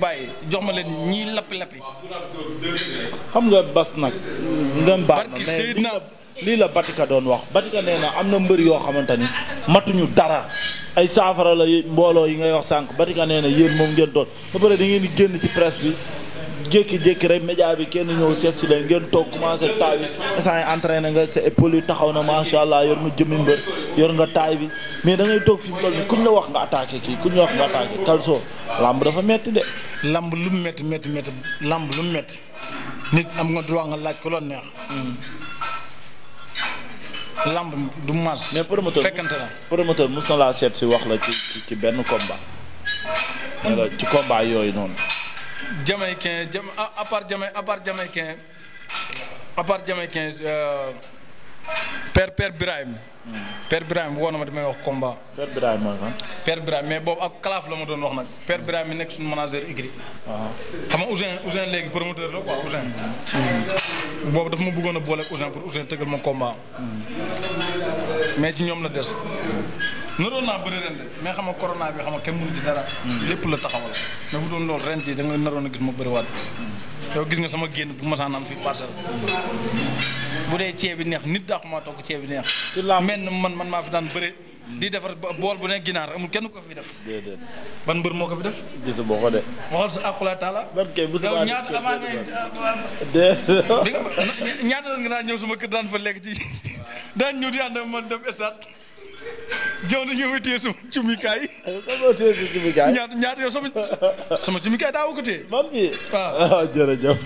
bàyyi jox ma leen ñii lappi lappi. xam nga bas nag. ngeen baax na mais lii la Batika doon wax Batika nee na am na mbër yoo xamante ni matuñu dara ay saafara la mbooloo yi ngay wax sànq Batika nee na yéen moom ngeen doon ba pare da ngeen di génn ci presse bi. jékki-jékki rek média bi kenn ñëw seet si leen ngeen toog commencé taay bi instant yi entraîné nga sa épaule taxaw na macha allah yor nga jëmmi mbër yor nga taay bi mais da toog fi mu toll nii kuñ la wax nga attaqué kii kuñ la wax nga attaqué Kalso lamb dafa metti de. lamb lu mu métti métti métti lamb lu mu métti nit am nga droit nga laaj ko loolu neex. Hmm. lamb du mars. mais promoteur fekkante na promoteur mos na laa seet si wax la ci ci benn combat. Hmm. ci combat yooyu noonu. jamaïcain jam à part jama à part jamaïcain à part jamaïcain euh, père père Birahim. Hmm. père Birahim woo na ma damay wax combat. père Birahim mais boobu ak kalaaf la ma doon wax nag père Birahim mi nekk suñu manager igri. Ah. xam nga Ousin Ousin léegi promoteur la quoi Ousin. Hmm. boobu daf ma bëggoon a booleeg Ousin pour Ousin tëggal ma combat. Hmm. mais ci ñoom la des. naroon naa bëri ren de mais xam corona bi xam nga kenn mënu ci dara. Hmm. lépp la taxawal mais bu doon loolu ren jii da naroon a gis ma bëriwaat. Hmm. yow gis nga sama génn bu ma saan am hmm. bu dee ceeb bi neex nit daax maa togg ceeb bi neex. ci laa mel man man maa fi daan bëre. di defar bool bu ne ginaar amul kenn ko fi def. déedéet ban mbër moo ko fi def. de. waxal sa akula taala. barke bu subaa ñaata avant ngay euh, ñaata nga daan ñëw sama kër daan fa lekk ci daan ñëw di ànd man dem esat jëw na ñëw téye sama cumikaay. ñaata ñaata sama sama cumikaay daa ko téye. man bi waaw ah. ah, jërëjëf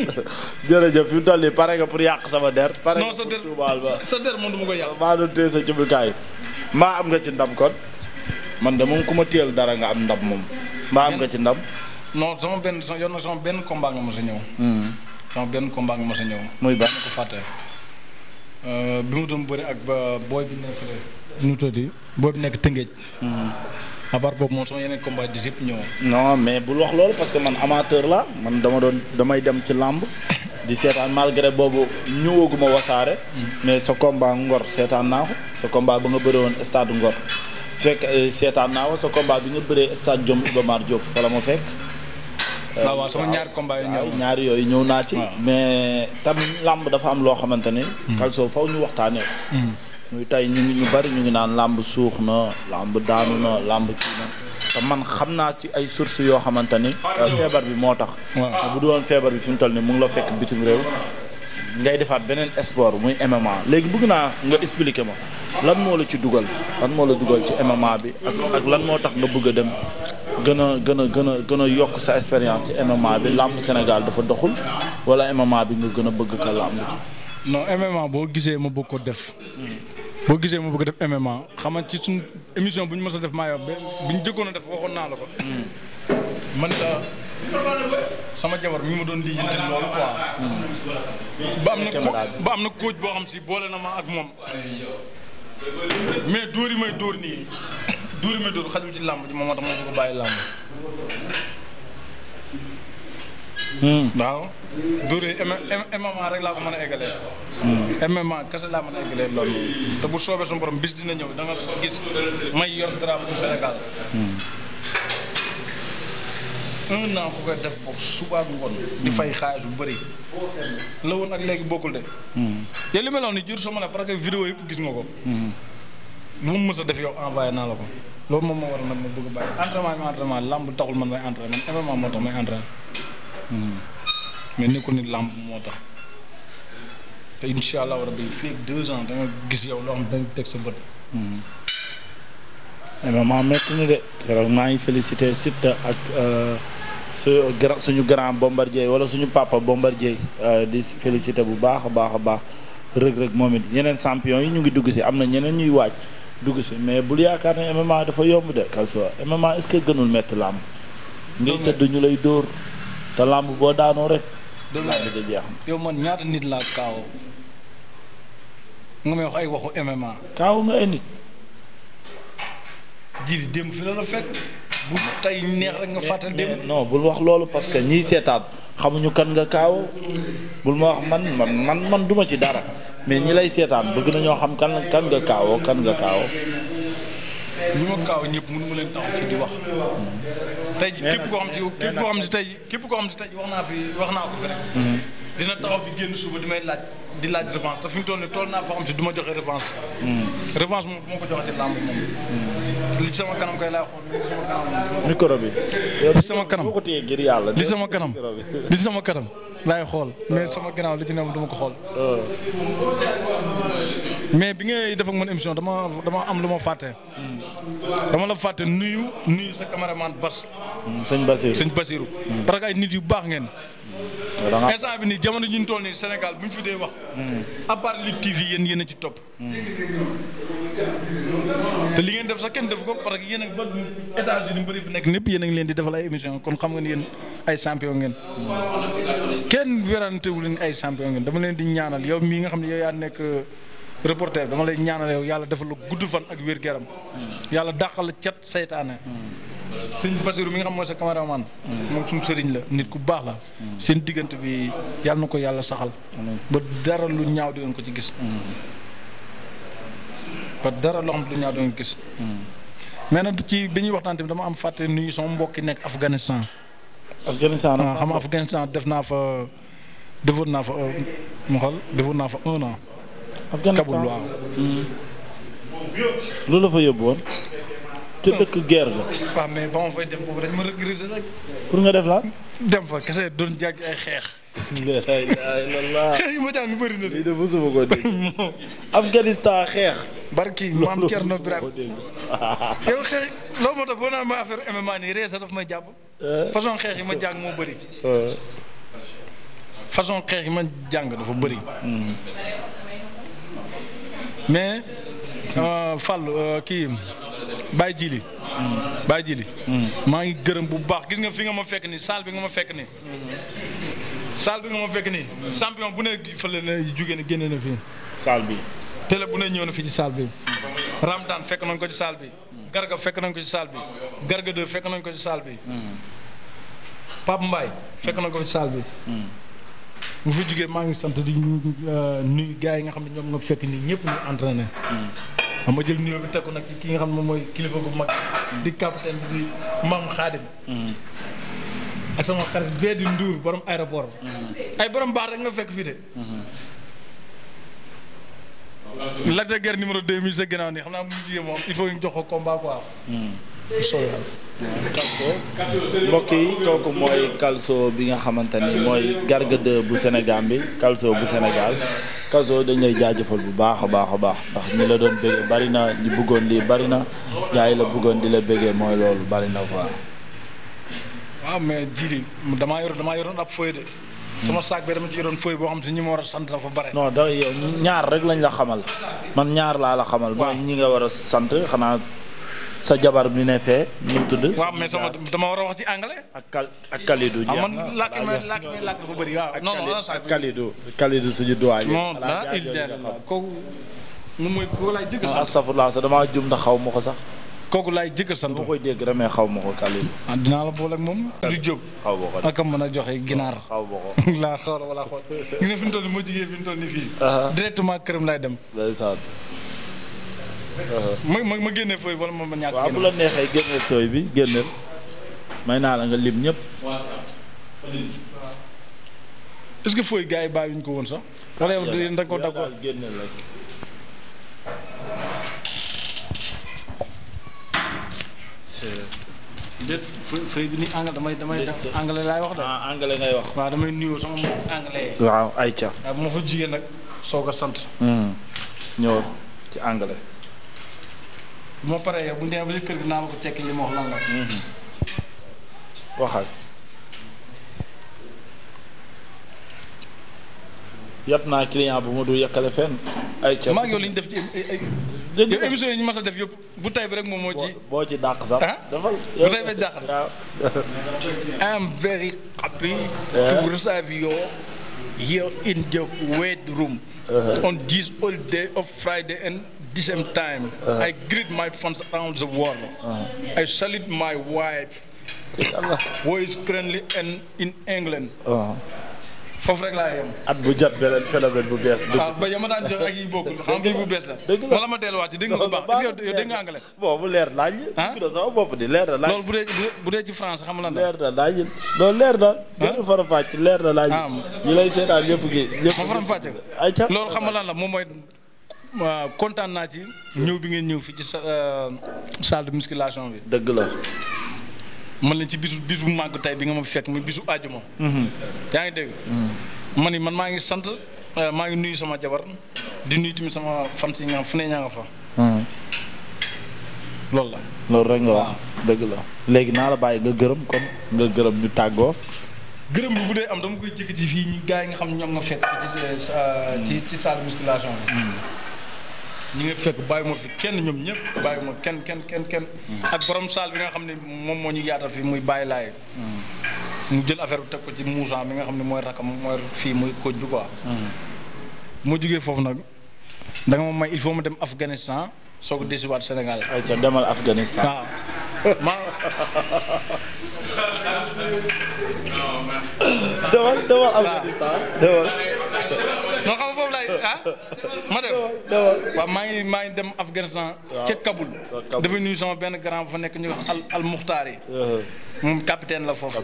jërëjëf fi mu toll pare nga pour yàq sama der. pare nga pour tuubaal ba sa der moom du ma koy yàq. maa am nga ci ndam kon. man de moom ku ma téyel dara nga am ndam moom. maa am nga ci ndam. no sama benn sa yor na sama benn combat nga mos a ñëw. Hmm. sama benn combat nga mos a ñëw. muy ba ko Euh, bi mu doon bëri ak euh, booy bi nekk fële nu mu tëddi booy bi nekk Tëngéej. Hmm. à part boobu moom sama yeneen combat di yëpp ñëw. non mais bul wax loolu parce que man amateur la man dama doon damay dem ci làmb di seetaan malgré boobu ñëwaguma wasaare. Hmm. mais sa combat ngor seetaan naa ko sa combat ba nga bëre woon stade ngor fekk euh, seetaan naa ko sa combat bi nga bëree stade Jom Iba Mar Diop fa la ma fekk. Euh, waaw sama ñaari combat yi ñëw ñaari yooyu ñëw naa ci. mais tam làmb dafa am loo xamante ni. Calcio hmm. faw ñu waxtaanee hmm. muy tey ñu ngi ñu bari ñu ngi naan làmb suux na làmb daanu na làmb kii na te man xam naa ci ay sources yoo xamante ni. Euh, feebar bi moo tax. bu du feebar bi fi mu toll nii mu ngi la fekk bitim réew. ngay defaat beneen sport muy MMA léegi bugg naa nga expliquer ma lan moo la ci dugal lan moo la dugal ci MMA bi ak lan moo tax nga bugg a dem gën a gën a gën a gën yokk sa expérience ci MMA bi làmb Sénégal dafa doxul wala MMA bi nga gën a bëgg ka làmb ji. non MMA boo gisee ma bëgg ko def. boo gisee ma bëgg def MMA xam ci suñ émission bu ñu mës a def may yor bi ñu jëkkoon a def waxoon naa la ko. man la sama jabar mi ma doon lijjanti am na am na coach boo xam si boole na ma ak moom. mais dóor yi may dóor nii. duur mi duur xajul ci làmb ji moom moo tax moo ko bàyyi làmb. Hmm. waaw. duur MMA rek laa ko mën a eggalee. Hmm. MMA kese laa mën a eggalee loolu te bu soobee suñu borom bis dina ñëw da nga gis may yor drapeau bu Sénégal. Hmm. un an koy def boog suba ngoon. di fay xaalis bu bëri. la woon ak léegi bokkul de. te li mel noonu jur soo mën a parce que vidéo yëpp gis nga ko. lu mu def yow envoyé naa la ko loolu moom moo waral nag ma bëgg a bàyyi entraînement bi entraînement làmb taxul man may entraîné man MMA moo tax may entraîné hmm. mais nekkul ni làmb moo tax te incha allah fii ak deux da gis yow loo da nga sa bët. MMA métti maa ngi félicité Siteu ak euh, su grand suñu grand bombardier wala suñu papa bombardier euh, di félicité bu baax a baax a baax rëg-rëg moom it yeneen champion yi ñu ngi dugg si am na ñeneen ñuy wàcc. dugg si mais bul yaakaar ne MMA dafa yomb de Kalso MMA est-ce que gënul metti làmb ngay tëdd ñu lay dóor te làmb boo daanoo rek. làmb ja jeex na yow man nit laa kaawoo nga may wax ay waxu MMA. kaawu nga ay di démb fi la la fekk. bu tey neex rek nga fàttali dem non bul wax loolu parce que ñiy seetaat xamuñu kan nga kaaw bul ma wax man man man duma ci dara mais ñi lay seetaan bëgg na ñoo xam kan kan nga kaawoo kan nga kaawoo. ñi ma kaaw ñëpp mënu leen taxaw fii di wax. tey képp koo xam si képp tey képp koo xam si tey wax naa fi wax naa ko fi rek. Mm-hmm. dina taxaw fi génn suba di may laaj di laaj revanche te fi mu toll nii naa foo xam si du ma joxe revanche. Hmm. revanche moom du ma ko joxati làmb hmm. li sama kanam kay laa xool micro bi. li sama kanam li sama kanam li sama kanam laay xool mais sama gannaaw li ci ne du ko xool. Oh. mais bi ngay def ak man émission dama dama am lu ma fàtte. dama la fàtte nuyu nuyu sa caméraman Bas. Mm, sëñ Basirou sëñ Basirou. Mm. parce que ay nit yu baax ngeen. instant bi nii jamono ji ñu toll nii Sénégal bu ñu fi dee wax. Mm. à part TV yéen yéen a ci topp. te li ngeen def sax kenn def ko parce que yéen ak ba États-Unis mbëri fi nekk ñëpp yen a leen di defal ay émission kon xam nga ni yéen ay champion ngeen. kenn werante wu ay champion ngeen dama leen di ñaanal yow mii nga xam ne yow nekk. reporter dama lay ñaanal yow yàlla defal la gudd fan ak wér geram hmm. yàlla dàqal la cat saytaane hmm. sëñ Basiru mi nga xam mooy sa cameraman hmm. moom suñu sëriñ la nit ku baax la seen diggante bi yàlla na ko yàlla saxal ba dara lu ñaaw di ngeen ko ci gis ba dara loo xam lu ñaaw di ngeen gis ci bi ñuy waxtaan bi dama am fàtte nuyu sama mbokki nekk Afghanistan Afghanistan ah, xam ah. Afghanistan def naa fa defoon naa fa euh, mu xool defoon naa fa un an Afghanistan Kaboul waaw. Mm-hmm. la fa dëkk guerre ga. waaw mais ba ma la dem kese doon jàgg ay xeex. xeex yi ma jàng xeex. barki maam Thierno Birame yow xeex sax daf may jàpp. Eh. façon xeex yi ma jàng moo bëri. Eh. façon xeex yi ma jàng dafa bëri. Mm. mais euh, Fall euh, kii Baye Jili. Baye Jili. maa ngi gërëm bu baax gis nga fi nga ma fekk nii salle bi nga ma fekk nii. salle bi nga ma fekk nii. champion bu ne fële na jugee na génne na fii. salle bi. télé bu ne ñëw na fii ci salle bi. Ramdan fekk nañ ko ci salle bi. Garga fekk nañ ko ci salle bi. Garga fekk nañ ko ci salle bi. Hmm. Pape Mbaye fekk nañ ko ci salle bi. Hmm. bu fi jugee maa ngi sant di euh, nuyu gars yi nga xam ne ñoom nga fekk nii ñëpp ñu entraîné. xam hmm. nga ah, jël nuyoo bi teg ko nag ki nga xam ne moom mooy kilifa gu mag. Hmm. di capitaine bi di maam Xaadim. Hmm. ak sama xarit bee di Ndour borom aéroport. ay borom baax rek nga fekk fii de. Lac de Guiers numéro 2 sa gannaaw nii xam naa bu ñu moom il faut ñu jox ko combat quoi. calcio mbokk yi kooku mooy calcio bi nga xamante ni mooy Garga 2 bu Sénégal bi calcio bu Sénégal calcio dañ lay jaajëfal bu baax a baax a baax ndax ñi la doon bëggee bari na ñu bëggoon lii bari na yaa la bëggoon di la bëggee mooy loolu bari na quoi. waaw mais jii damaa yor damaa yoroon ab feuille de. sama saak bi dama ci yoroon feuille boo xam si ñi ma war a sant dafa bare. bari da yow ñaar rek lañ la xamal man ñaar laa la xamal. waaw ñi nga war a sant xanaa. sa jabar bi ne fee ñu tudd. waaw mais sama dama war a wax ci anglais. ak Kal ak Kalidou. Ah, ma làkk ma làkk dafa bëri waaw. non non suñu doyen. non ah il kooku moom mooy kooku laay jëkk ah, sax. damaa jum ndax xaw ma ko sax. kooku laay jëkkër sant. boo koy dégg rek mais xaw ma ko Kalidou. ah dinaa la boole ak moom. di jóg xaw ma ko ak mën a joxe ginaar. xaw ma ko xool nga fi mu toll nii moo jigee fi mu toll nii directement këram laay dem. ndeysaan. Uh-huh. ma ma ma génne fooy wala moom ma ñàkk waaw bu la neexee bi génneel may naa la nga lim ñëpp. est-ce que fooy gars yi bàyyiwuñ ko woon sax. wala yow da ko ah, da damay damay anglais laay wax da ah anglais ngay wax. waaw damay nuyoo sama mbokku anglais. waaw ayca. waaw ah, bu ma fa jigéen nag soog a sant. Hmm. ñëw ci anglais. bu ma paree bu ñu demee ba ci kër gi naa la ko tekki li ma wax lan la. Mhm. waxal. yàpp naa client bu ma du yàqale fenn. ay ceeb maa ngi yow li ñu def ci yow émission yi ñu mas a def yëpp bu tay bi rek moom moo ci. boo ci dàq sax. Ah? dafa bu tay bi dàq waaw. I'm very happy eh? to receive you here in the waiting room eh? on this holiday of Friday and. the same time, uh, I greet my fans around the world. Uh, I salute my wife, who is currently in, in England. Uh, foofu rek laa yem. at bu jot beneen phénomène bu bees. dëgg la waaw ba yama daan jox ak yi bokkul xam nga bu bees la. dëgg la wala ma delluwaat ci dégg nga bu baax est-ce que yow dégg nga anglais. bon bu leer laaj. ah dugg na sama bopp di leer na laaj. loolu bu dee bu dee ci France xam lan la. leer na laaj loolu leer na. gën ah. a faram-fàcce leer na laaj. Ah. ñu lay seetaan ñëpp gi ñëpp gi ma faram-fàcce. ayca loolu xam lan la moom mooy waa kontaan naa ci ñëw bi ngeen ñëw fi ci euh, salle de musculation bi. dëgg la. man lañ ci bisu bisu màgg bi nga ma fekk muy bisu àjjuma. Mhm. yaa ngi dégg. Mhm. man ni man maa ngi sant euh, maa ngi nuyu sama jabar di nuyu tamit sama fans yi nga fu ne ñaa nga fa. Mhm. loolu la. loolu rek nga wax dëgg la léegi naa la bàyyi nga gërëm kon nga gërëm ñu tàggoo. gërëm bi bu dee am dama koy jëkk ci fii ñi gars yi nga xam ñoom nga fekk ci euh, ci ci salle musculation bi. ñu nga fekk bàyyi ma fi kenn ñoom ñëpp bàyyi ma kenn kenn kenn kenn mm. ak borom saal bi nga xam ne moom moo ñu yaatal fi muy bàyyi laay mm. mu jël affaire bu teg ko ci Moussa bi nga xam ne mooy rakam mooy fii muy koñ bi quoi mm. mu jugee foofu nag da nga may il faut ma dem Afghanistan soo ko desiwaat Sénégal ay ca demal Afghanistan demal demal Afghanistan demal foofu lay ah ma dem waaw maa ngi maa ngi dem Afghanistan. ca Kaboul. dafa nuyu sama benn grand bu fa nekk ñu wax al al Muxtaar yi. Uh-huh. moom capitaine la foofu.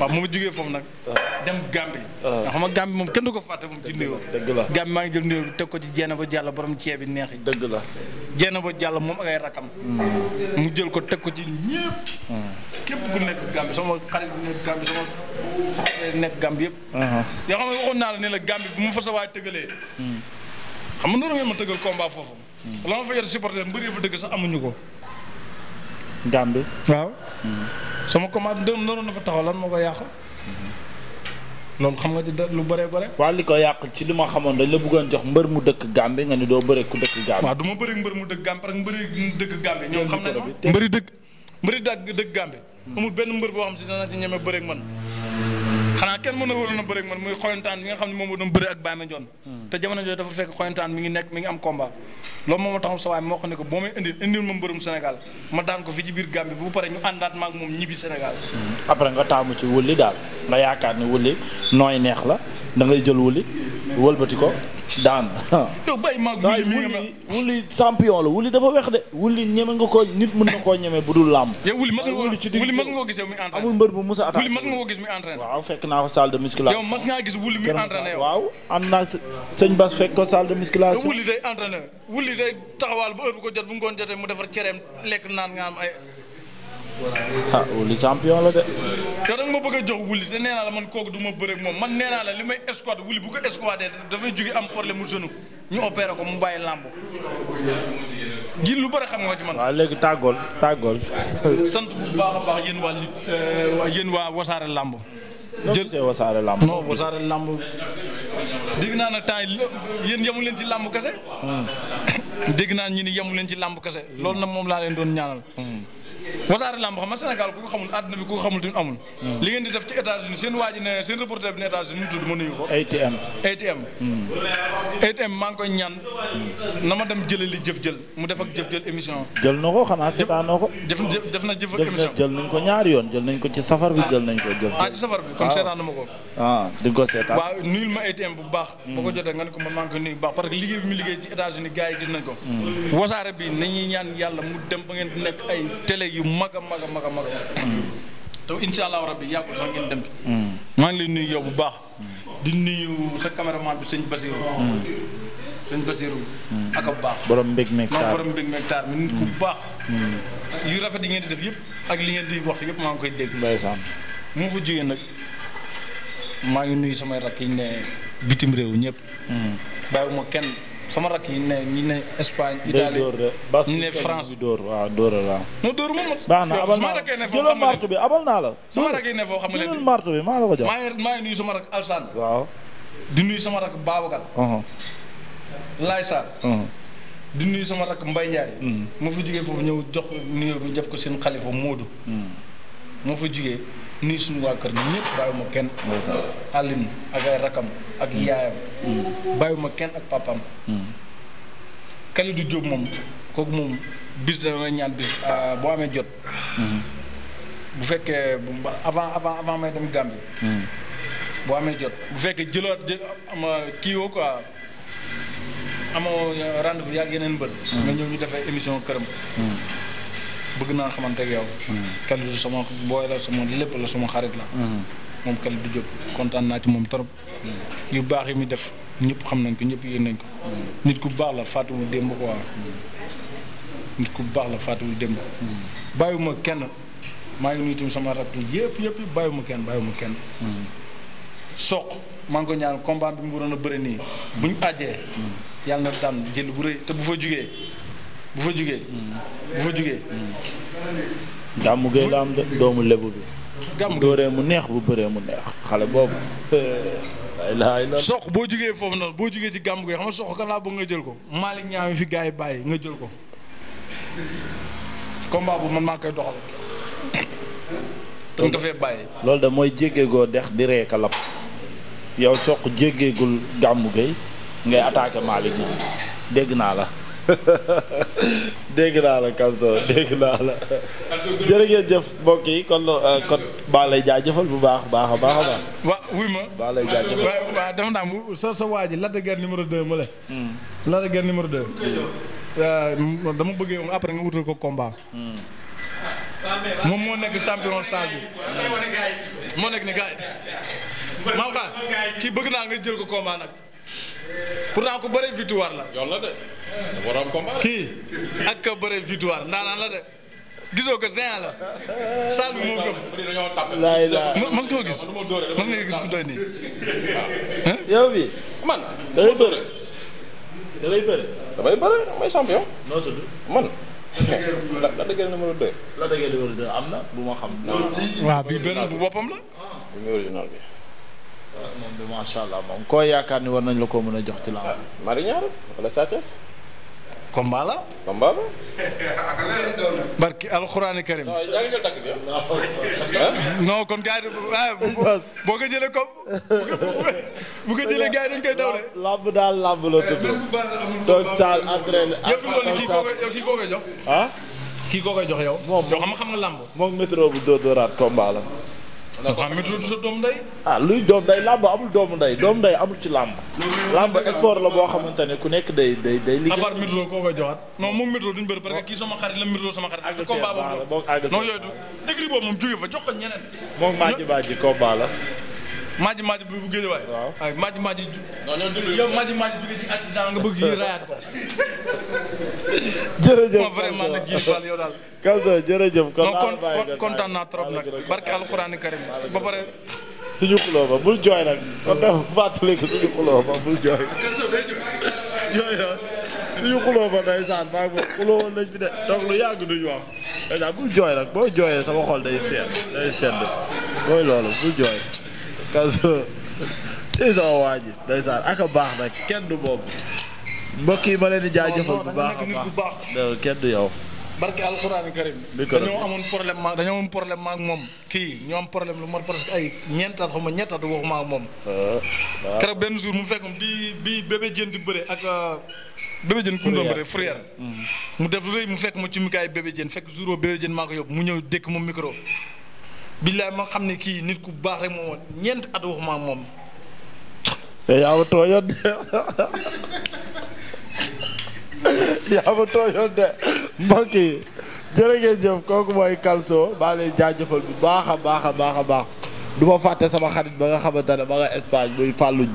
waaw mu jógee foofu nag. Uh-huh. dem Gambie. nga uh-huh. xam nga Gambie moom kenn ko fàtte moom ci nuyoo. dëgg la Gambie maa ngi jël nuyoo ko ci jeena ba jàll borom ceeb dëgg la jeena ba jàll moom ak ay mm-hmm. mu jël ko teg ko ci ñëpp. Mm-hmm. képp ku nekk Gambie sama xarit nekk Gambie sama sama nekk Gambie yëpp. yoo xam ne waxoon naa la ne la Gambie bu mu fa sa waay tëgalee. Mm-hmm. xam nga noonu ngeen ma tëggal combat foofu. Hmm. la ma fa yor supporter mbër yi fa sax amuñu ko. Gambie. waaw. Hmm. sama commande dë naroon na fa taxaw lan ma ko yàq. loolu xam nga ci lu bëree bëre. waaw li ko yàq ci li ma xamoon dañ la bëggoon jox mbër mu dëkk Gambie nga ni doo bëre ku dëkk Gambie. waaw du ma bëri mbër mu dëkk Gambie parce que mbëri dëkk Gambie. ñoom xam nañ ma mbëri dëkk mbëri dëkk Gambie. Hmm. amul benn mbër boo xam si dana ci ñeme bëre man. xanaa kenn mën a waroon a bëri ak man muy xoyantaan bi nga xam ne moom moo doon bëri ak Baye Mandione hmm. te jamono jooju dafa fekk xoyantaan mi ngi nekk mi ngi am combat loolu moom moo taxam sa moo xam ne ko boo may indil indil ma mbërum Sénégal ma daan ko fi ci biir Gambie bu pare ñu àndaat maag moom ñibbi Sénégal hmm. après nga taamu ci wulli daal nga yaakaar ne wulli nooy neex la da ngay jël wulli wëlbati ko daan yow bàyyi maag wuli wuli champion la wuli dafa wex de wuli ñeme nga ko nit mën na koo ñeme bu dul làmb yow wuli mas nga wuli ci digg wuli mas nga ko amul mbër bu musa attaqué wuli mas nga gis muy entraîné waaw fekk naa ko salle de musculation yow mas ngaa gis wuli muy entraîné waaw am naa sëñ Bass fekk ko salle laa musculation wuli day entraîné wuli day taxawaal bu heure bu ko jot bu ngoon jotee mu defar cereem lekk naan nga am ay ah wuli champion la de. te da nga ma bëgg a jox wuli te nee la man kooku du ma bëreeg moom man nee la li may escouade wuli bu ko escouadé dafay jóge am problème mu genou ñu opéré ko mu bàyyi làmb ji lu bëri xam nga ci man. léegi tàggool tàggool. sant a baax yéen waa li euh, làmb. jël see wasaare làmb. non wasaare làmb. dégg naa ne temps yi yéen yemu leen ci làmb kese. Hmm. dégg naa ñu ni yamu leen ci làmb kese. loolu nag moom laa leen doon ñaanal. Hmm. wasaare lamb xam man Sénégal ku ko xamul àdduna bi ku ko xamul tamit amul. Mm. li ngeen di def ci États-Unis seen waa ne seen reporter bi ne États-Unis ñu tudd ma nuyu ko. ATM ATM. Mm. Mm. na ma dem jëlee li jëf jël mu def ak jëf jël émission. jël na ko xanaa seetaanoo ko. jëf def na jëf ak émission jël nañ ko ñaari yoon jël nañ ko ci safar bi jël nañ ko. jëf ah ci safar bi kon ah. seetaanu ma ko. ah di nga ko seetaan ma ATM bu baax. boo ko jotee nga ne ko man maa ngi koy nuyu bu baax parce que liggéey bi mu liggéey ci États-Unis gars yi gis nañ ko. wasaare bi nañuy ñaan yàlla mu dem ba ngeen nekk ay télé yu mag a mag a mag a mag te incha allahu rabbi yàggul sax ngeen dem ci. Mm. maa ngi lay nuyu yow bu baax. di nuyu sa caméraman bi sëñ Basiru. Mm. sëñ Basiru. Mm. ak bu baax borom mbég meeg taar borom mbég meeg taar mi nit ku baax. yu rafet yi ngeen di def yëpp ak li ngeen di wax yëpp maa ngi koy dégg. ndeysaan mu fa jógee nag maa ngi nuyu samay rakk yi ne bitim réew ñëpp. bàyyiwuma kenn. sama rakk yi ne ñi ne Espagne. Italie ñi ne France day door waaw door la waaw. door moom baax na abal rakk yi ne foo xam ne jëloon marto bi maa la ko ngi maa sama rakk Alsane. waaw di nuyu sama rakk Babacar. Uh-huh. Laye Sarr. Uh-huh. di nuyu sama rakk Mbaye Ndiaye. Mm. moo fa jugee foofu ñëw jox nuyoo bi def ko seen xalifa Moodu. Mm. moo fa jugee. nuyu suñu waa kër ñëpp bàyyiwuma kenn. àllin ak ay rakam ak mm. yaayam. Mm. bàyyiwuma kenn ak papam mm. Kalidou Diop moom kooku moom bis dama ñaan bis ah, boo amee jot. bu fekkee avant avant avant may dem Gambie. boo amee jot bu fekkee jëlaat jë ama kii woo quoi amoo euh, rendez-vous yàgg yeneen mbër. nga ñëw ñu defee émission këram. bëgg naa xamante yow. Hmm. Kalidou sama booy la sama lépp la sama xarit la. Hmm. moom Kalidou Diop kontaan naa ci moom trop. Hmm. yu baax yi muy def ñëpp xam nañ ko ñëpp yéen nañ ko. nit ku baax la fàttewul démb quoi. nit baax la fàttewul démb. bàyyiwuma kenn maa ngi nuyu tamit sama rakk yëpp yëpp bàyyiwuma kenn bàyyiwuma kenn. soq maa ngi ko ñaan combat bi mu waroon a bari nii. buñ àjjee. yàlla na daan jël bu rëy te bu fa jugee. bu fa jugee. bu fa jugee. gàmmu la am de doomu lebu bi. gàmmu dooree mu neex bu bëree mu neex xale boobu. sox boo jugee foofu noonu boo jugee ci gàmmu gay xam nga soq kan laa bëgg nga jël ko Malick ñaami fi gaa yi bàyyi nga jël ko. combat bu man maa koy doxal. te nga fee bàyyi. loolu de mooy jéggeegoo dex di ree ka yow soq jéggeegul gàmmu gay ngay attaqué Malick ñaami dégg naa la. dégg naa la Kamso dégg naa la jërë jëf mbokk yi kon euh, kon baa lay jaajëfal bu baax baax a baax a baax. waaw wuy ma baax lay jaajëfal waaw waaw dafa naa mu sa waa ji Lac de Guiers numéro ma la. Hmm. Lac de Guiers numéro 2. Euh, dama bëggee moom après nga wutal ko combat. Hmm. moom moo nekk champion saa hmm. moo nekk ni gars yi. maa kii bëgg naa nga jël ko combat nag. pourtant ku bëre victoire la. yoon la de. dafa am combat kii ak ka bëre victoire ndaanaan la de. gisoo ko géant la salle bi moo gëm. mos ko gis mos nga gis ku doy nii. yow bi man da ngay damay bëre may champion. noo man. la la dëgër numéro la dëgër numéro 2 am na bu ma xam. waaw bi benn bu boppam la. Ah. moom de macha allah moom koo yaakaar ni war nañ la koo mën a jox ci làmb. Ah, Mariñaar wala Sa Thiès. combat la. combat la. barki alxuraani karim. non kon ah. gars yi ah, boo ko jëlee comme bu ko jëlee gars yi dañ koy dawle. làmb daal làmb la tudd. Eh, toog saal entraîné. yëpp kii koo koy kii koo jox. ah. jox yow. moom xam nga làmb. moom météo bu dóor dóoraat combat waaw mais du sa doomu ndey. ah luy doomu ndey làmb amul doom ndey doomu ndey amul ci làmb. làmb sport la boo xamante ne ku nekk day day day. liggéey abar métro koo koy joxaat. non moom métro duñ bëri parce que kii sama xarit la métro sama xarit. ak combat boobu non yooyu du. écrit boobu moom jóge fa jox ko ñeneen. moom maa ji maa la. maaji maaji bu géej waay. waaw ay maaji maaji. non non dund yow maaji maaji jóge ci accident nga bëgg yi rayaat ko. jërëjëf vraiment nag yi Fall yow daal. Kalso jërëjëf. kon kon kontaan naa trop nag barke alxuraani karim ba pare. suñu xuloo ba bul jooy nag kon dafa fàttali ko suñu xuloo ba bul jooy. jooy suñu xuloo ba ndeysaan maa ngi xuloo woon nañ fi de donc lu yàgg duñu wax ndeysaan bul jooy nag boo jooyee sama xol day fees day sedd mooy loolu bul jooy. Kalso tey sama waa ji ndeysaan ak baax na kenn du moom mbokk yi ma leen di jaajëfal bu baax a baax kenn du yow. barke alxuraani karim dañoo amoon problème ma dañoo amoon moom kii ñoo am problème lu mot parce que ay ñeentaat xaw ma ñettaat waxuma moom. Ah, keroog benn jour mu fekk bi bi bébé jën di bëre ak euh, bébé jën. kundoom bëre frère mm. mu def rëy mu fekk ma ci mikaay bébé jën fekk jour boobu bébé jën maa ko yóbbu mu ñëw dékk moom micro. billaay ma xam ne kii nit ku baax rek moom ñeent at waxuma moom. yaa ma tooyoon de yaa ma tooyoon de mbokk yi jëf kooku mooy Kalso maa lay jaajëfal bu baax a baax a baax a baax du ma fàtte sama xarit ba nga xamante ne ba nga Espagne muy juuf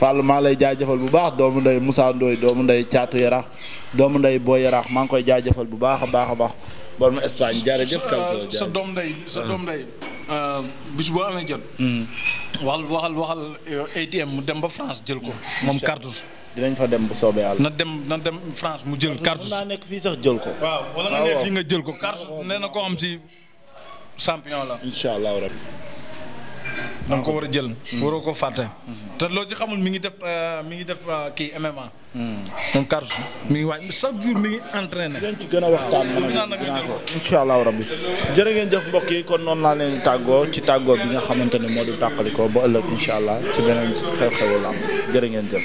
Diouf maa lay jaajëfal bu baax doomu ndey musaa Ndoye doomu nday Caatu Yarax doomu ndey boo Yarax maa ngi koy jaajëfal bu baax a baax a baax. bor ma Espagne jaarajëf. Kalso sa doom day sa doom day euh, bis boo amee jot. Hmm. waxal waxal waxal euh, ATM mu dem ba France jël ko. moom cartouche. dinañ fa dem bu soobee yàlla. na dem na dem France mu jël. cartouche mën naa fii sax jël ko. waaw ah, nga jël ko. cartouche ah, nee na koo xam si champion la. incha allah rabi. da ko war a jël. Hmm. waroo ko fàtte. Hmm. te loo ci xamul mi ngi def euh, mi ngi def euh, kii MMA. moom Carlou mi ngi waaj chaque jour mi ngi entraîné. dinañ ci gën a waxtaan incha allahu rabbi jërë ngeen jëf mbokk yi kon noonu laa leen tàggoo ci tàggoo bi nga xamante ne moo du tàqalikoo ba ëllëg incha allah ci beneen xew-xewu lamb jërë ngeen jëf.